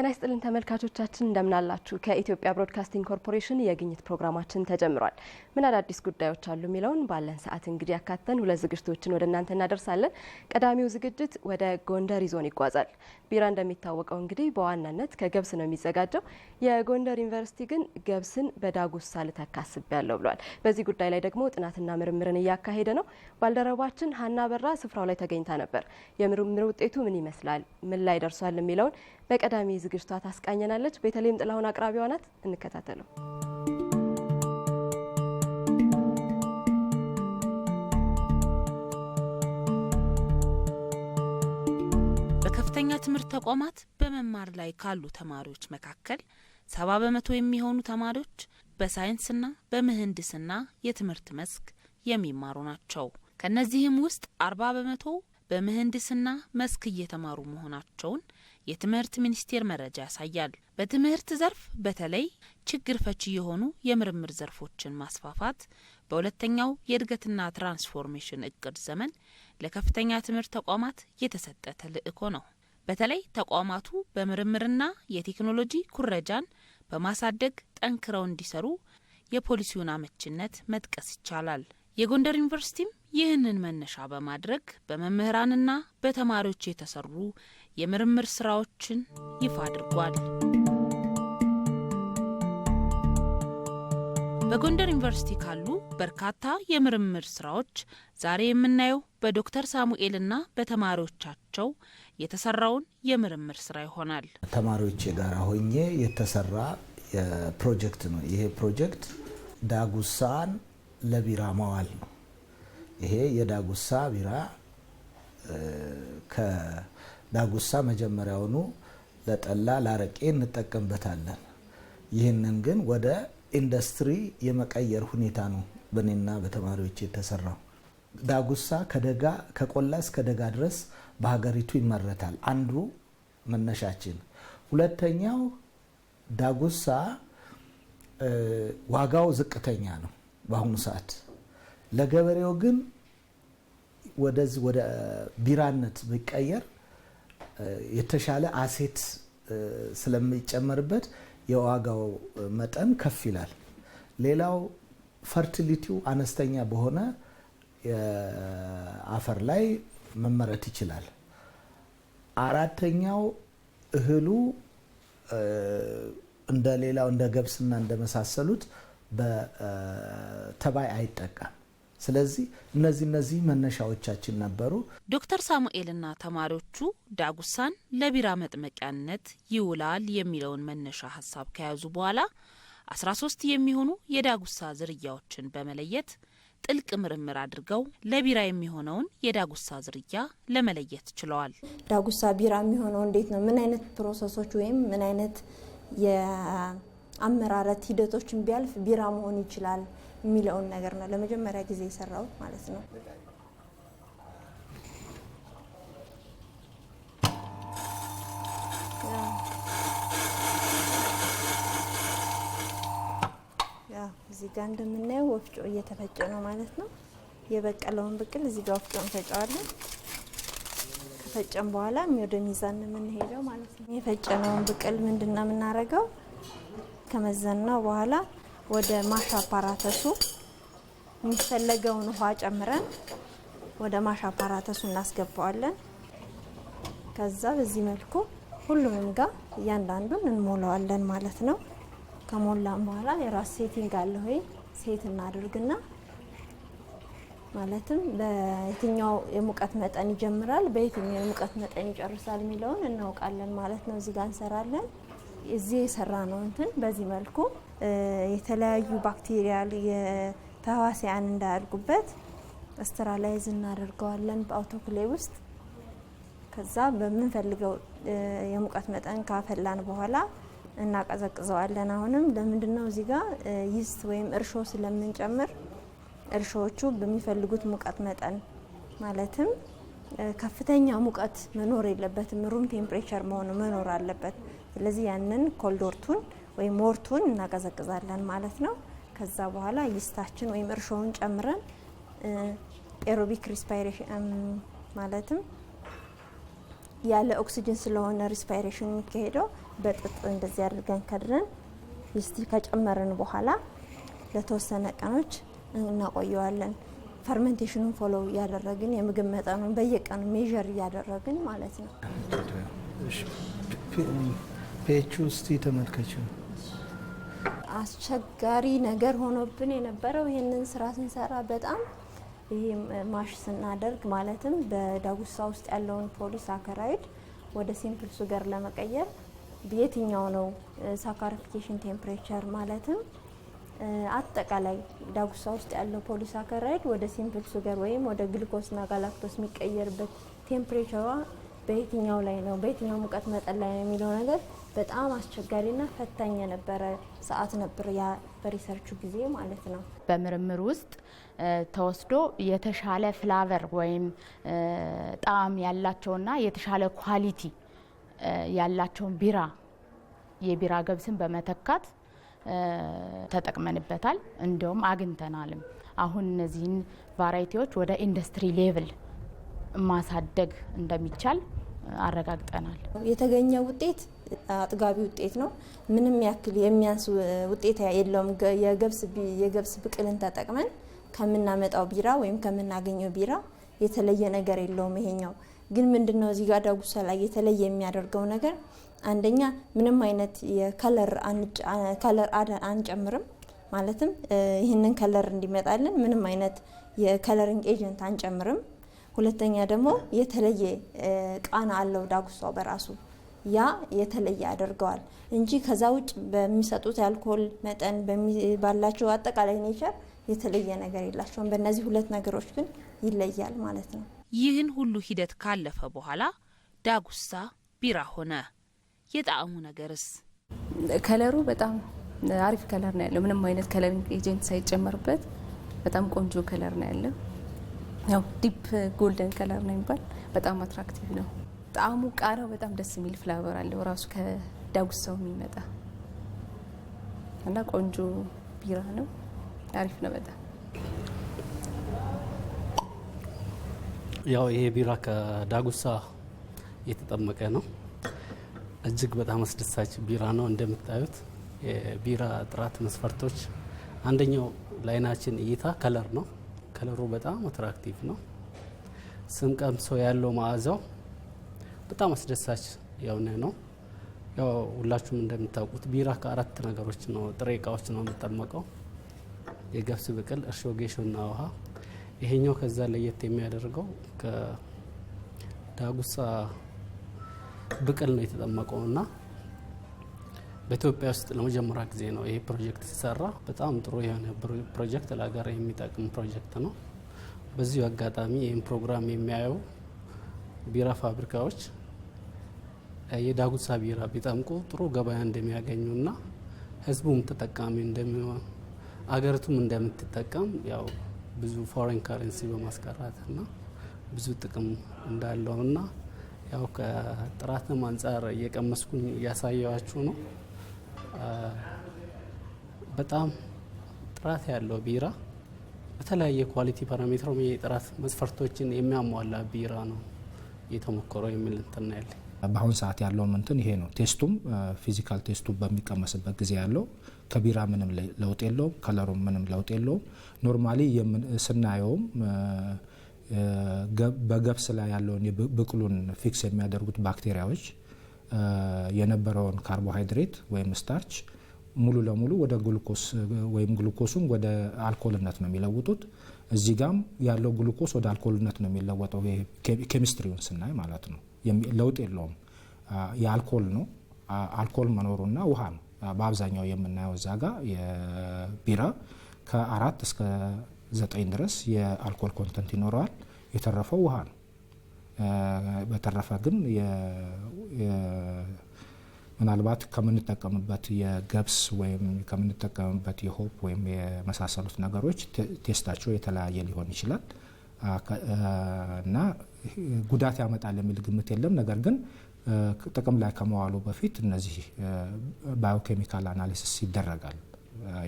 ጤና ይስጥልን ተመልካቾቻችን እንደምናላችሁ። ከኢትዮጵያ ብሮድካስቲንግ ኮርፖሬሽን የግኝት ፕሮግራማችን ተጀምሯል። ምን አዳዲስ ጉዳዮች አሉ የሚለውን ባለን ሰዓት እንግዲህ ያካተን ሁለት ዝግጅቶችን ወደ እናንተ እናደርሳለን። ቀዳሚው ዝግጅት ወደ ጎንደር ይዞን ይጓዛል። ቢራ እንደሚታወቀው እንግዲህ በዋናነት ከገብስ ነው የሚዘጋጀው። የጎንደር ዩኒቨርሲቲ ግን ገብስን በዳጉሳ ልተካ ያለው ብሏል። በዚህ ጉዳይ ላይ ደግሞ ጥናትና ምርምርን እያካሄደ ነው። ባልደረባችን ሀና በራ ስፍራው ላይ ተገኝታ ነበር። የምርምር ውጤቱ ምን ይመስላል፣ ምን ላይ ደርሷል የሚለውን በቀዳሚ ዝግጅቷ ታስቃኘናለች። በተለይም ጥላሁን አቅራቢዋ ናት። እንከታተለው። በትምህርት ተቋማት በመማር ላይ ካሉ ተማሪዎች መካከል ሰባ በመቶ የሚሆኑ ተማሪዎች በሳይንስና በምህንድስና የትምህርት መስክ የሚማሩ ናቸው። ከእነዚህም ውስጥ አርባ በመቶ በምህንድስና መስክ እየተማሩ መሆናቸውን የትምህርት ሚኒስቴር መረጃ ያሳያል። በትምህርት ዘርፍ በተለይ ችግር ፈቺ የሆኑ የምርምር ዘርፎችን ማስፋፋት በሁለተኛው የእድገትና ትራንስፎርሜሽን እቅድ ዘመን ለከፍተኛ ትምህርት ተቋማት የተሰጠ ተልዕኮ ነው። በተለይ ተቋማቱ በምርምርና የቴክኖሎጂ ኩረጃን በማሳደግ ጠንክረው እንዲሰሩ የፖሊሲውን አመችነት መጥቀስ ይቻላል። የጎንደር ዩኒቨርሲቲም ይህንን መነሻ በማድረግ በመምህራንና በተማሪዎች የተሰሩ የምርምር ስራዎችን ይፋ አድርጓል። በጎንደር ዩኒቨርሲቲ ካሉ በርካታ የምርምር ስራዎች ዛሬ የምናየው በዶክተር ሳሙኤልና በተማሪዎቻቸው በመሆናቸው የተሰራውን የምርምር ስራ ይሆናል። ተማሪዎች ጋር ሆኜ የተሰራ ፕሮጀክት ነው። ይሄ ፕሮጀክት ዳጉሳን ለቢራ ማዋል ነው። ይሄ የዳጉሳ ቢራ ከዳጉሳ መጀመሪያውኑ ለጠላ ላረቄ እንጠቀምበታለን። ይህንን ግን ወደ ኢንዱስትሪ የመቀየር ሁኔታ ነው በእኔና በተማሪዎች የተሰራው። ዳጉሳ ከደጋ ከቆላ እስከ ደጋ ድረስ በሀገሪቱ ይመረታል። አንዱ መነሻችን። ሁለተኛው ዳጉሳ ዋጋው ዝቅተኛ ነው በአሁኑ ሰዓት። ለገበሬው ግን ወደዚህ ወደ ቢራነት ቢቀየር የተሻለ አሴት ስለሚጨመርበት የዋጋው መጠን ከፍ ይላል። ሌላው ፈርቲሊቲው አነስተኛ በሆነ አፈር ላይ መመረት ይችላል። አራተኛው እህሉ እንደ ሌላው እንደ ገብስና እንደመሳሰሉት በተባይ አይጠቃም። ስለዚህ እነዚህ እነዚህ መነሻዎቻችን ነበሩ። ዶክተር ሳሙኤልና ተማሪዎቹ ዳጉሳን ለቢራ መጥመቂያነት ይውላል የሚለውን መነሻ ሀሳብ ከያዙ በኋላ 13 የሚሆኑ የዳጉሳ ዝርያዎችን በመለየት ጥልቅ ምርምር አድርገው ለቢራ የሚሆነውን የዳጉሳ ዝርያ ለመለየት ችለዋል። ዳጉሳ ቢራ የሚሆነው እንዴት ነው? ምን አይነት ፕሮሰሶች ወይም ምን አይነት የአመራረት ሂደቶችን ቢያልፍ ቢራ መሆን ይችላል የሚለውን ነገር ነው ለመጀመሪያ ጊዜ የሰራሁት ማለት ነው። እዚህ ጋር እንደምናየው ወፍጮ እየተፈጨ ነው ማለት ነው። የበቀለውን ብቅል እዚህ ጋር ወፍጮ እንፈጨዋለን። ከፈጨን በኋላ ወደ ሚዛን የምንሄደው ማለት ነው። የፈጨነውን ብቅል ምንድን ነው የምናደርገው? ከመዘን ነው በኋላ ወደ ማሻ አፓራተሱ የሚፈለገውን ውሃ ጨምረን ወደ ማሻ አፓራተሱ እናስገባዋለን። ከዛ በዚህ መልኩ ሁሉንም ጋር እያንዳንዱን እንሞላዋለን ማለት ነው። ከሞላም በኋላ የራስ ሴቲንግ አለ ወይ ሴት እናድርግና ማለትም በየትኛው የሙቀት መጠን ይጀምራል፣ በየትኛው የሙቀት መጠን ይጨርሳል የሚለውን እናውቃለን ማለት ነው። እዚህ ጋር እንሰራለን። እዚህ የሰራ ነው እንትን በዚህ መልኩ የተለያዩ ባክቴሪያል የተዋሲያን እንዳያድጉበት ስትራላይዝ እናደርገዋለን በአውቶክሌ ውስጥ። ከዛ በምንፈልገው የሙቀት መጠን ካፈላን በኋላ እናቀዘቅዘዋለን። አሁንም ለምንድን ነው እዚህ ጋር ይስት ወይም እርሾ ስለምንጨምር እርሾዎቹ በሚፈልጉት ሙቀት መጠን ማለትም ከፍተኛ ሙቀት መኖር የለበትም፣ ሩም ቴምፕሬቸር መሆኑ መኖር አለበት። ስለዚህ ያንን ኮልዶርቱን ወይም ሞርቱን እናቀዘቅዛለን ማለት ነው። ከዛ በኋላ ይስታችን ወይም እርሾውን ጨምረን ኤሮቢክ ሪስፓይሬሽን ማለትም ያለ ኦክሲጅን ስለሆነ ሪስፓይሬሽን የሚካሄደው በጥጥ እንደዚህ አድርገን ከድረን ይስቲ ከጨመርን በኋላ ለተወሰነ ቀኖች እናቆየዋለን። ፈርመንቴሽኑን ፎሎ እያደረግን የምግብ መጠኑን በየቀኑ ሜዥር እያደረግን ማለት ነው። ፔቹ እስቲ አስቸጋሪ ነገር ሆኖብን የነበረው ይህንን ስራ ስንሰራ በጣም ይህ ማሽ ስናደርግ ማለትም በዳጉሳ ውስጥ ያለውን ፖሊስ አከራይድ ወደ ሲምፕል ሱገር ለመቀየር የትኛው ነው ሳካሪፊኬሽን ቴምፕሬቸር ማለትም አጠቃላይ ዳጉሳ ውስጥ ያለው ፖሊሳካራይድ ወደ ሲምፕል ሱገር ወይም ወደ ግሉኮስና ጋላክቶስ የሚቀየርበት ቴምፕሬቸሯ በየትኛው ላይ ነው፣ በየትኛው ሙቀት መጠን ላይ ነው የሚለው ነገር በጣም አስቸጋሪና ፈታኝ የነበረ ሰዓት ነበር ያ በሪሰርቹ ጊዜ ማለት ነው። በምርምር ውስጥ ተወስዶ የተሻለ ፍላቨር ወይም ጣዕም ያላቸውና የተሻለ ኳሊቲ ያላቸውን ቢራ የቢራ ገብስን በመተካት ተጠቅመንበታል። እንዲሁም አግኝተናልም። አሁን እነዚህን ቫራይቲዎች ወደ ኢንዱስትሪ ሌቭል ማሳደግ እንደሚቻል አረጋግጠናል። የተገኘ ውጤት አጥጋቢ ውጤት ነው። ምንም ያክል የሚያንስ ውጤት የለውም። የገብስ ብቅልን ተጠቅመን ከምናመጣው ቢራ ወይም ከምናገኘው ቢራ የተለየ ነገር የለውም ይሄኛው ግን ምንድን ነው እዚህ ጋር ዳጉሳ ላይ የተለየ የሚያደርገው ነገር አንደኛ ምንም አይነት የከለር አንጨምርም። ማለትም ይህንን ከለር እንዲመጣልን ምንም አይነት የከለሪንግ ኤጀንት አንጨምርም። ሁለተኛ ደግሞ የተለየ ቃና አለው ዳጉሳው በራሱ ያ የተለየ ያደርገዋል እንጂ ከዛ ውጭ በሚሰጡት የአልኮል መጠን ባላቸው አጠቃላይ ኔቸር የተለየ ነገር የላቸውም። በእነዚህ ሁለት ነገሮች ግን ይለያል ማለት ነው። ይህን ሁሉ ሂደት ካለፈ በኋላ ዳጉሳ ቢራ ሆነ። የጣዕሙ ነገርስ? ከለሩ በጣም አሪፍ ከለር ነው ያለው። ምንም አይነት ከለር ኤጀንት ሳይጨመርበት በጣም ቆንጆ ከለር ነው ያለው። ያው ዲፕ ጎልደን ከለር ነው የሚባል በጣም አትራክቲቭ ነው። ጣዕሙ ቃናው በጣም ደስ የሚል ፍላቨር አለው ራሱ ከዳጉሳው የሚመጣ እና ቆንጆ ቢራ ነው። አሪፍ ነው በጣም ያው ይሄ ቢራ ከዳጉሳ የተጠመቀ ነው። እጅግ በጣም አስደሳች ቢራ ነው። እንደምታዩት የቢራ ጥራት መስፈርቶች አንደኛው ለአይናችን እይታ ከለር ነው። ከለሩ በጣም አትራክቲቭ ነው። ስም ቀምሶ ያለው መዓዛው በጣም አስደሳች የሆነ ነው። ያው ሁላችሁም እንደምታውቁት ቢራ ከአራት ነገሮች ነው ጥሬ እቃዎች ነው የሚጠመቀው የገብስ ብቅል፣ እርሾ፣ ጌሾና ውሃ ይሄኛው ከዛ ለየት የሚያደርገው ከዳጉሳ ብቅል ነው የተጠመቀው እና በኢትዮጵያ ውስጥ ለመጀመሪያ ጊዜ ነው ይሄ ፕሮጀክት ሲሰራ። በጣም ጥሩ የሆነ ፕሮጀክት፣ ለሀገር የሚጠቅም ፕሮጀክት ነው። በዚሁ አጋጣሚ ይህም ፕሮግራም የሚያዩ ቢራ ፋብሪካዎች የዳጉሳ ቢራ ቢጠምቁ ጥሩ ገበያ እንደሚያገኙና ህዝቡም ተጠቃሚ እንደሚሆን አገሪቱም እንደምትጠቀም ያው ብዙ ፎሬን ከረንሲ በማስቀራት እና ብዙ ጥቅም እንዳለው እና ያው ከጥራትም አንጻር እየቀመስኩኝ እያሳየዋችሁ ነው። በጣም ጥራት ያለው ቢራ በተለያየ ኳሊቲ ፓራሜትሮም የጥራት መስፈርቶችን የሚያሟላ ቢራ ነው እየተሞከረው የሚል እንትና በአሁን ሰዓት ያለው እንትን ይሄ ነው። ቴስቱም ፊዚካል ቴስቱ በሚቀመስበት ጊዜ ያለው ከቢራ ምንም ለውጥ የለውም። ከለሩም ምንም ለውጥ የለውም። ኖርማሊ ስናየውም በገብስ ላይ ያለውን ብቅሉን ፊክስ የሚያደርጉት ባክቴሪያዎች የነበረውን ካርቦሃይድሬት ወይም ስታርች ሙሉ ለሙሉ ወደ ግሉኮስ ወይም ግሉኮሱን ወደ አልኮልነት ነው የሚለውጡት። እዚህ ጋም ያለው ግሉኮስ ወደ አልኮልነት ነው የሚለወጠው ኬሚስትሪውን ስናይ ማለት ነው። ለውጥ የለውም። የአልኮል ነው አልኮል መኖሩና ውሃ ነው በአብዛኛው የምናየው እዛ ጋ የቢራ ከአራት እስከ ዘጠኝ ድረስ የአልኮል ኮንተንት ይኖረዋል። የተረፈው ውሃ ነው። በተረፈ ግን ምናልባት ከምንጠቀምበት የገብስ ወይም ከምንጠቀምበት የሆፕ ወይም የመሳሰሉት ነገሮች ቴስታቸው የተለያየ ሊሆን ይችላል እና ጉዳት ያመጣል የሚል ግምት የለም። ነገር ግን ጥቅም ላይ ከመዋሉ በፊት እነዚህ ባዮኬሚካል አናሊሲስ ይደረጋል።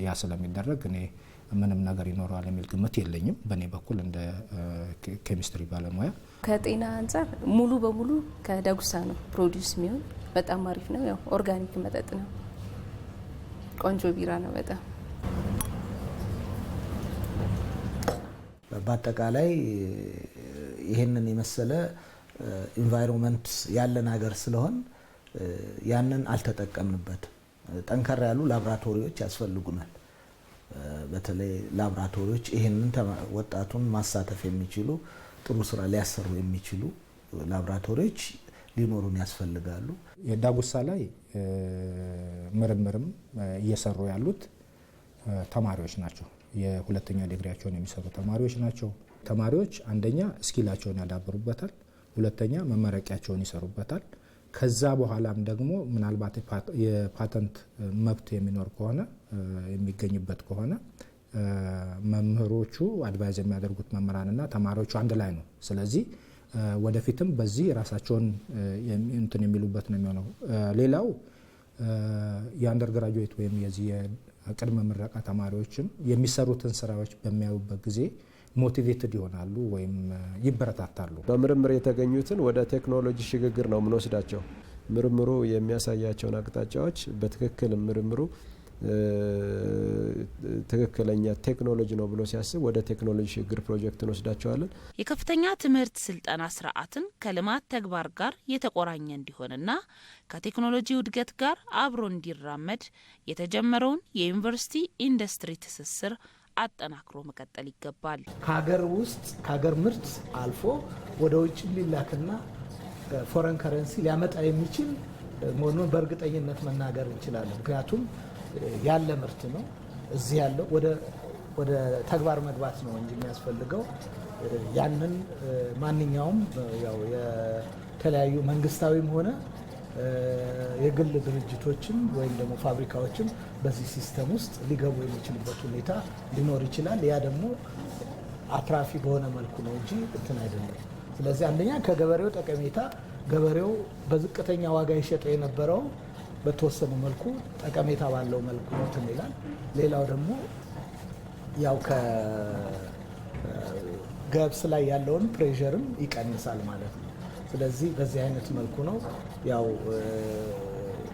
ያ ስለሚደረግ እኔ ምንም ነገር ይኖረዋል የሚል ግምት የለኝም በእኔ በኩል እንደ ኬሚስትሪ ባለሙያ። ከጤና አንጻር ሙሉ በሙሉ ከዳጉሳ ነው ፕሮዲውስ የሚሆን በጣም አሪፍ ነው። ያው ኦርጋኒክ መጠጥ ነው። ቆንጆ ቢራ ነው በጣም በአጠቃላይ ይህንን የመሰለ ኢንቫይሮንመንት ያለን ሀገር ስለሆን ያንን አልተጠቀምንበትም። ጠንከር ያሉ ላብራቶሪዎች ያስፈልጉናል። በተለይ ላብራቶሪዎች ይህንን ወጣቱን ማሳተፍ የሚችሉ ጥሩ ስራ ሊያሰሩ የሚችሉ ላብራቶሪዎች ሊኖሩን ያስፈልጋሉ። የዳጉሳ ላይ ምርምርም እየሰሩ ያሉት ተማሪዎች ናቸው። የሁለተኛ ዲግሪያቸውን የሚሰሩ ተማሪዎች ናቸው። ተማሪዎች አንደኛ እስኪላቸውን ያዳብሩበታል፣ ሁለተኛ መመረቂያቸውን ይሰሩበታል። ከዛ በኋላም ደግሞ ምናልባት የፓተንት መብት የሚኖር ከሆነ የሚገኝበት ከሆነ መምህሮቹ አድቫይዝ የሚያደርጉት መምህራንና ተማሪዎቹ አንድ ላይ ነው። ስለዚህ ወደፊትም በዚህ ራሳቸውን እንትን የሚሉበት ነው የሚሆነው። ሌላው የአንደር ግራጁዌት ወይም የዚህ የቅድመ ምረቃ ተማሪዎችም የሚሰሩትን ስራዎች በሚያዩበት ጊዜ ሞቲቬትድ ይሆናሉ ወይም ይበረታታሉ። በምርምር የተገኙትን ወደ ቴክኖሎጂ ሽግግር ነው ምንወስዳቸው ምርምሩ የሚያሳያቸውን አቅጣጫዎች በትክክል ምርምሩ ትክክለኛ ቴክኖሎጂ ነው ብሎ ሲያስብ ወደ ቴክኖሎጂ ሽግግር ፕሮጀክት እንወስዳቸዋለን። የከፍተኛ ትምህርት ስልጠና ስርዓትን ከልማት ተግባር ጋር የተቆራኘ እንዲሆንና ከቴክኖሎጂ ውድገት ጋር አብሮ እንዲራመድ የተጀመረውን የዩኒቨርሲቲ ኢንዱስትሪ ትስስር አጠናክሮ መቀጠል ይገባል። ከሀገር ውስጥ ከሀገር ምርት አልፎ ወደ ውጭ ሊላክና ፎረን ከረንሲ ሊያመጣ የሚችል መሆኑን በእርግጠኝነት መናገር እንችላለን። ምክንያቱም ያለ ምርት ነው እዚህ ያለው ወደ ተግባር መግባት ነው እንጂ የሚያስፈልገው ያንን ማንኛውም ያው የተለያዩ መንግስታዊም ሆነ የግል ድርጅቶችም ወይም ደግሞ ፋብሪካዎችም በዚህ ሲስተም ውስጥ ሊገቡ የሚችልበት ሁኔታ ሊኖር ይችላል። ያ ደግሞ አትራፊ በሆነ መልኩ ነው እንጂ እንትን አይደለም። ስለዚህ አንደኛ ከገበሬው ጠቀሜታ ገበሬው በዝቅተኛ ዋጋ ይሸጠ የነበረው በተወሰነ መልኩ ጠቀሜታ ባለው መልኩ እንትን ይላል። ሌላው ደግሞ ያው ከገብስ ላይ ያለውን ፕሬዠርም ይቀንሳል ማለት ነው። ስለዚህ በዚህ አይነት መልኩ ነው ያው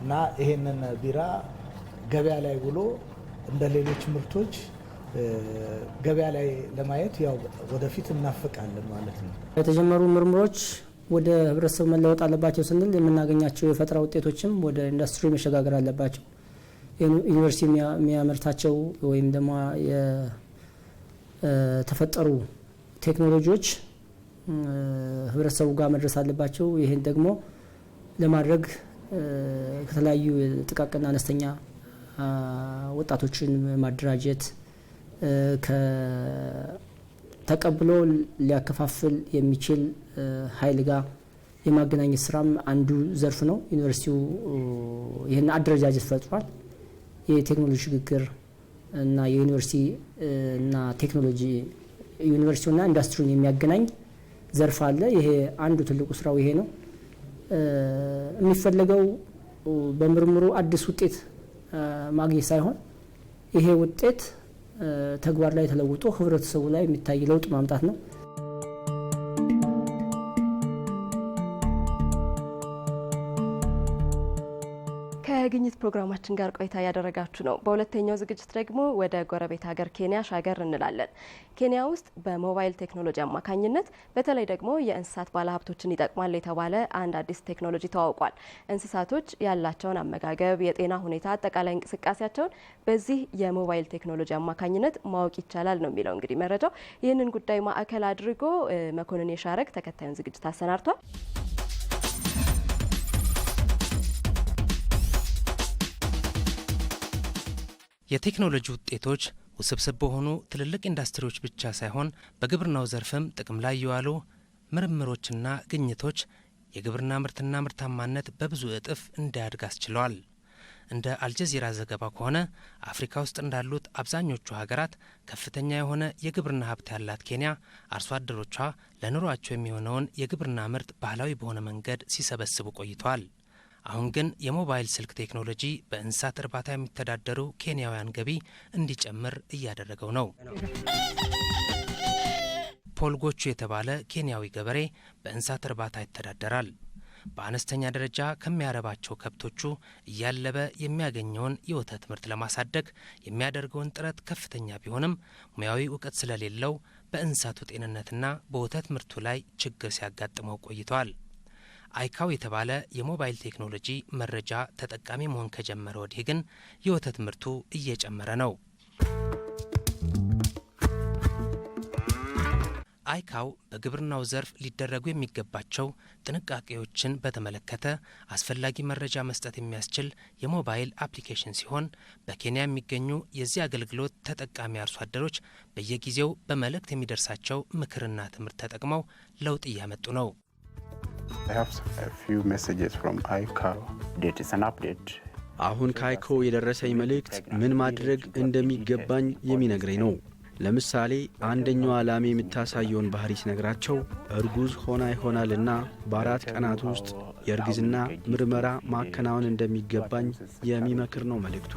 እና ይሄንን ቢራ ገበያ ላይ ውሎ እንደ ሌሎች ምርቶች ገበያ ላይ ለማየት ያው ወደፊት እናፍቃለን ማለት ነው። የተጀመሩ ምርምሮች ወደ ህብረተሰቡ መለወጥ አለባቸው ስንል የምናገኛቸው የፈጠራ ውጤቶችም ወደ ኢንዱስትሪ መሸጋገር አለባቸው። ዩኒቨርሲቲ የሚያመርታቸው ወይም ደግሞ የተፈጠሩ ቴክኖሎጂዎች ህብረተሰቡ ጋር መድረስ አለባቸው። ይህን ደግሞ ለማድረግ ከተለያዩ ጥቃቅንና አነስተኛ ወጣቶችን ማደራጀት ተቀብሎ ሊያከፋፍል የሚችል ኃይል ጋር የማገናኘት ስራም አንዱ ዘርፍ ነው። ዩኒቨርሲቲው ይህን አደረጃጀት ፈጥሯል። የቴክኖሎጂ ሽግግር እና የዩኒቨርሲቲ እና ቴክኖሎጂ ዩኒቨርሲቲውና ኢንዱስትሪውን የሚያገናኝ ዘርፍ አለ። ይሄ አንዱ ትልቁ ስራው ይሄ ነው። የሚፈለገው በምርምሩ አዲስ ውጤት ማግኘት ሳይሆን ይሄ ውጤት ተግባር ላይ ተለውጦ ህብረተሰቡ ላይ የሚታይ ለውጥ ማምጣት ነው። ከግኝት ፕሮግራማችን ጋር ቆይታ እያደረጋችሁ ነው። በሁለተኛው ዝግጅት ደግሞ ወደ ጎረቤት ሀገር ኬንያ ሻገር እንላለን። ኬንያ ውስጥ በሞባይል ቴክኖሎጂ አማካኝነት በተለይ ደግሞ የእንስሳት ባለሀብቶችን ይጠቅማል የተባለ አንድ አዲስ ቴክኖሎጂ ተዋውቋል። እንስሳቶች ያላቸውን አመጋገብ፣ የጤና ሁኔታ፣ አጠቃላይ እንቅስቃሴያቸውን በዚህ የሞባይል ቴክኖሎጂ አማካኝነት ማወቅ ይቻላል ነው የሚለው እንግዲህ መረጃው። ይህንን ጉዳይ ማዕከል አድርጎ መኮንን የሻረግ ተከታዩን ዝግጅት አሰናድቷል። የቴክኖሎጂ ውጤቶች ውስብስብ በሆኑ ትልልቅ ኢንዱስትሪዎች ብቻ ሳይሆን በግብርናው ዘርፍም ጥቅም ላይ የዋሉ ምርምሮችና ግኝቶች የግብርና ምርትና ምርታማነት በብዙ እጥፍ እንዲያድግ አስችለዋል። እንደ አልጀዚራ ዘገባ ከሆነ አፍሪካ ውስጥ እንዳሉት አብዛኞቹ ሀገራት ከፍተኛ የሆነ የግብርና ሀብት ያላት ኬንያ አርሶ አደሮቿ ለኑሯቸው የሚሆነውን የግብርና ምርት ባህላዊ በሆነ መንገድ ሲሰበስቡ ቆይተዋል። አሁን ግን የሞባይል ስልክ ቴክኖሎጂ በእንስሳት እርባታ የሚተዳደሩ ኬንያውያን ገቢ እንዲጨምር እያደረገው ነው። ፖልጎቹ የተባለ ኬንያዊ ገበሬ በእንስሳት እርባታ ይተዳደራል። በአነስተኛ ደረጃ ከሚያረባቸው ከብቶቹ እያለበ የሚያገኘውን የወተት ምርት ለማሳደግ የሚያደርገውን ጥረት ከፍተኛ ቢሆንም ሙያዊ እውቀት ስለሌለው በእንስሳቱ ጤንነትና በወተት ምርቱ ላይ ችግር ሲያጋጥመው ቆይቷል። አይካው የተባለ የሞባይል ቴክኖሎጂ መረጃ ተጠቃሚ መሆን ከጀመረ ወዲህ ግን የወተት ምርቱ እየጨመረ ነው። አይካው በግብርናው ዘርፍ ሊደረጉ የሚገባቸው ጥንቃቄዎችን በተመለከተ አስፈላጊ መረጃ መስጠት የሚያስችል የሞባይል አፕሊኬሽን ሲሆን በኬንያ የሚገኙ የዚህ አገልግሎት ተጠቃሚ አርሶ አደሮች በየጊዜው በመልእክት የሚደርሳቸው ምክርና ትምህርት ተጠቅመው ለውጥ እያመጡ ነው። አሁን ካይኮ የደረሰኝ መልእክት ምን ማድረግ እንደሚገባኝ የሚነግረኝ ነው። ለምሳሌ አንደኛዋ ላሜ የምታሳየውን ባህሪ ሲነግራቸው እርጉዝ ሆና ይሆናልና በአራት ቀናት ውስጥ የእርግዝና ምርመራ ማከናወን እንደሚገባኝ የሚመክር ነው መልእክቱ።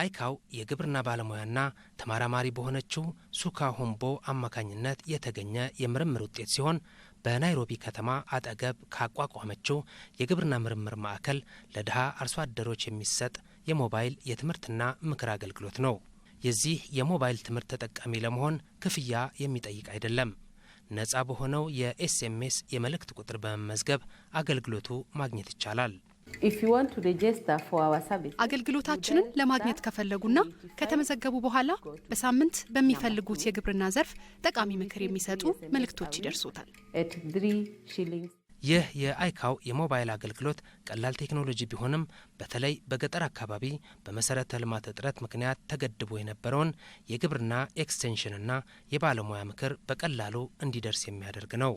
አይካው የግብርና ባለሙያና ተመራማሪ በሆነችው ሱካ ሁምቦ አማካኝነት የተገኘ የምርምር ውጤት ሲሆን በናይሮቢ ከተማ አጠገብ ካቋቋመችው የግብርና ምርምር ማዕከል ለድሃ አርሶ አደሮች የሚሰጥ የሞባይል የትምህርትና ምክር አገልግሎት ነው። የዚህ የሞባይል ትምህርት ተጠቃሚ ለመሆን ክፍያ የሚጠይቅ አይደለም። ነጻ በሆነው የኤስኤምኤስ የመልእክት ቁጥር በመመዝገብ አገልግሎቱ ማግኘት ይቻላል። አገልግሎታችንን ለማግኘት ከፈለጉና ከተመዘገቡ በኋላ በሳምንት በሚፈልጉት የግብርና ዘርፍ ጠቃሚ ምክር የሚሰጡ መልእክቶች ይደርሶታል። ይህ የአይካው የሞባይል አገልግሎት ቀላል ቴክኖሎጂ ቢሆንም በተለይ በገጠር አካባቢ በመሰረተ ልማት እጥረት ምክንያት ተገድቦ የነበረውን የግብርና ኤክስቴንሽንና የባለሙያ ምክር በቀላሉ እንዲደርስ የሚያደርግ ነው።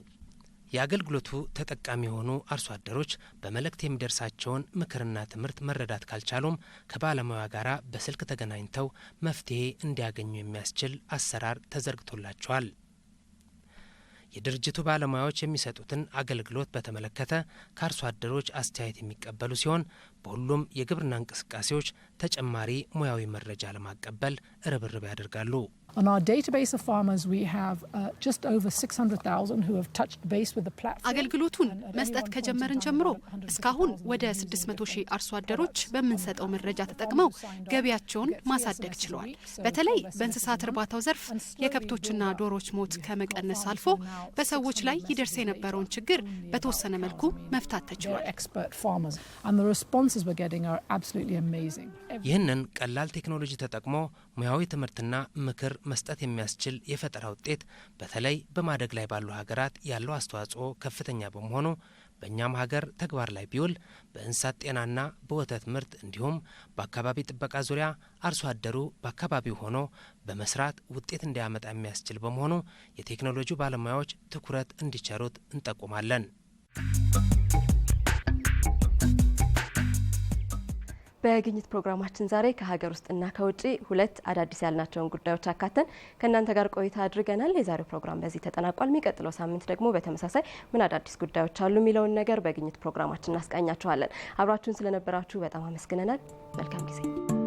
የአገልግሎቱ ተጠቃሚ የሆኑ አርሶ አደሮች በመልእክት የሚደርሳቸውን ምክርና ትምህርት መረዳት ካልቻሉም ከባለሙያ ጋር በስልክ ተገናኝተው መፍትሄ እንዲያገኙ የሚያስችል አሰራር ተዘርግቶላቸዋል። የድርጅቱ ባለሙያዎች የሚሰጡትን አገልግሎት በተመለከተ ከአርሶ አደሮች አስተያየት የሚቀበሉ ሲሆን በሁሉም የግብርና እንቅስቃሴዎች ተጨማሪ ሙያዊ መረጃ ለማቀበል ርብርብ ያደርጋሉ። uh, አገልግሎቱን መስጠት ከጀመርን ጀምሮ እስካሁን ወደ 600 ሺህ አርሶ አደሮች በምንሰጠው መረጃ ተጠቅመው ገቢያቸውን ማሳደግ ችለዋል። በተለይ በእንስሳት እርባታው ዘርፍ የከብቶችና ዶሮች ሞት ከመቀነስ አልፎ በሰዎች ላይ ይደርስ የነበረውን ችግር በተወሰነ መልኩ መፍታት ተችሏል። ይህንን ቀላል ቴክኖሎጂ ተጠቅሞ ሙያዊ ትምህርትና ምክር መስጠት የሚያስችል የፈጠራ ውጤት በተለይ በማደግ ላይ ባሉ ሀገራት ያለው አስተዋጽኦ ከፍተኛ በመሆኑ በእኛም ሀገር ተግባር ላይ ቢውል በእንስሳት ጤናና በወተት ምርት እንዲሁም በአካባቢ ጥበቃ ዙሪያ አርሶ አደሩ በአካባቢው ሆኖ በመስራት ውጤት እንዲያመጣ የሚያስችል በመሆኑ የቴክኖሎጂ ባለሙያዎች ትኩረት እንዲቸሩት እንጠቁማለን። በግኝት ፕሮግራማችን ዛሬ ከሀገር ውስጥና ከውጭ ሁለት አዳዲስ ያልናቸውን ጉዳዮች አካተን ከእናንተ ጋር ቆይታ አድርገናል። የዛሬው ፕሮግራም በዚህ ተጠናቋል። የሚቀጥለው ሳምንት ደግሞ በተመሳሳይ ምን አዳዲስ ጉዳዮች አሉ የሚለውን ነገር በግኝት ፕሮግራማችን እናስቃኛችኋለን። አብራችሁን ስለነበራችሁ በጣም አመስግነናል። መልካም ጊዜ